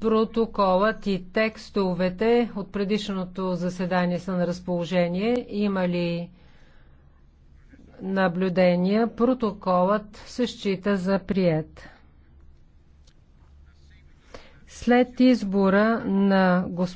Протоколът и текстовете от предишното заседание са на разположение. Има ли наблюдения? Протоколът се счита за прият. След избора на господин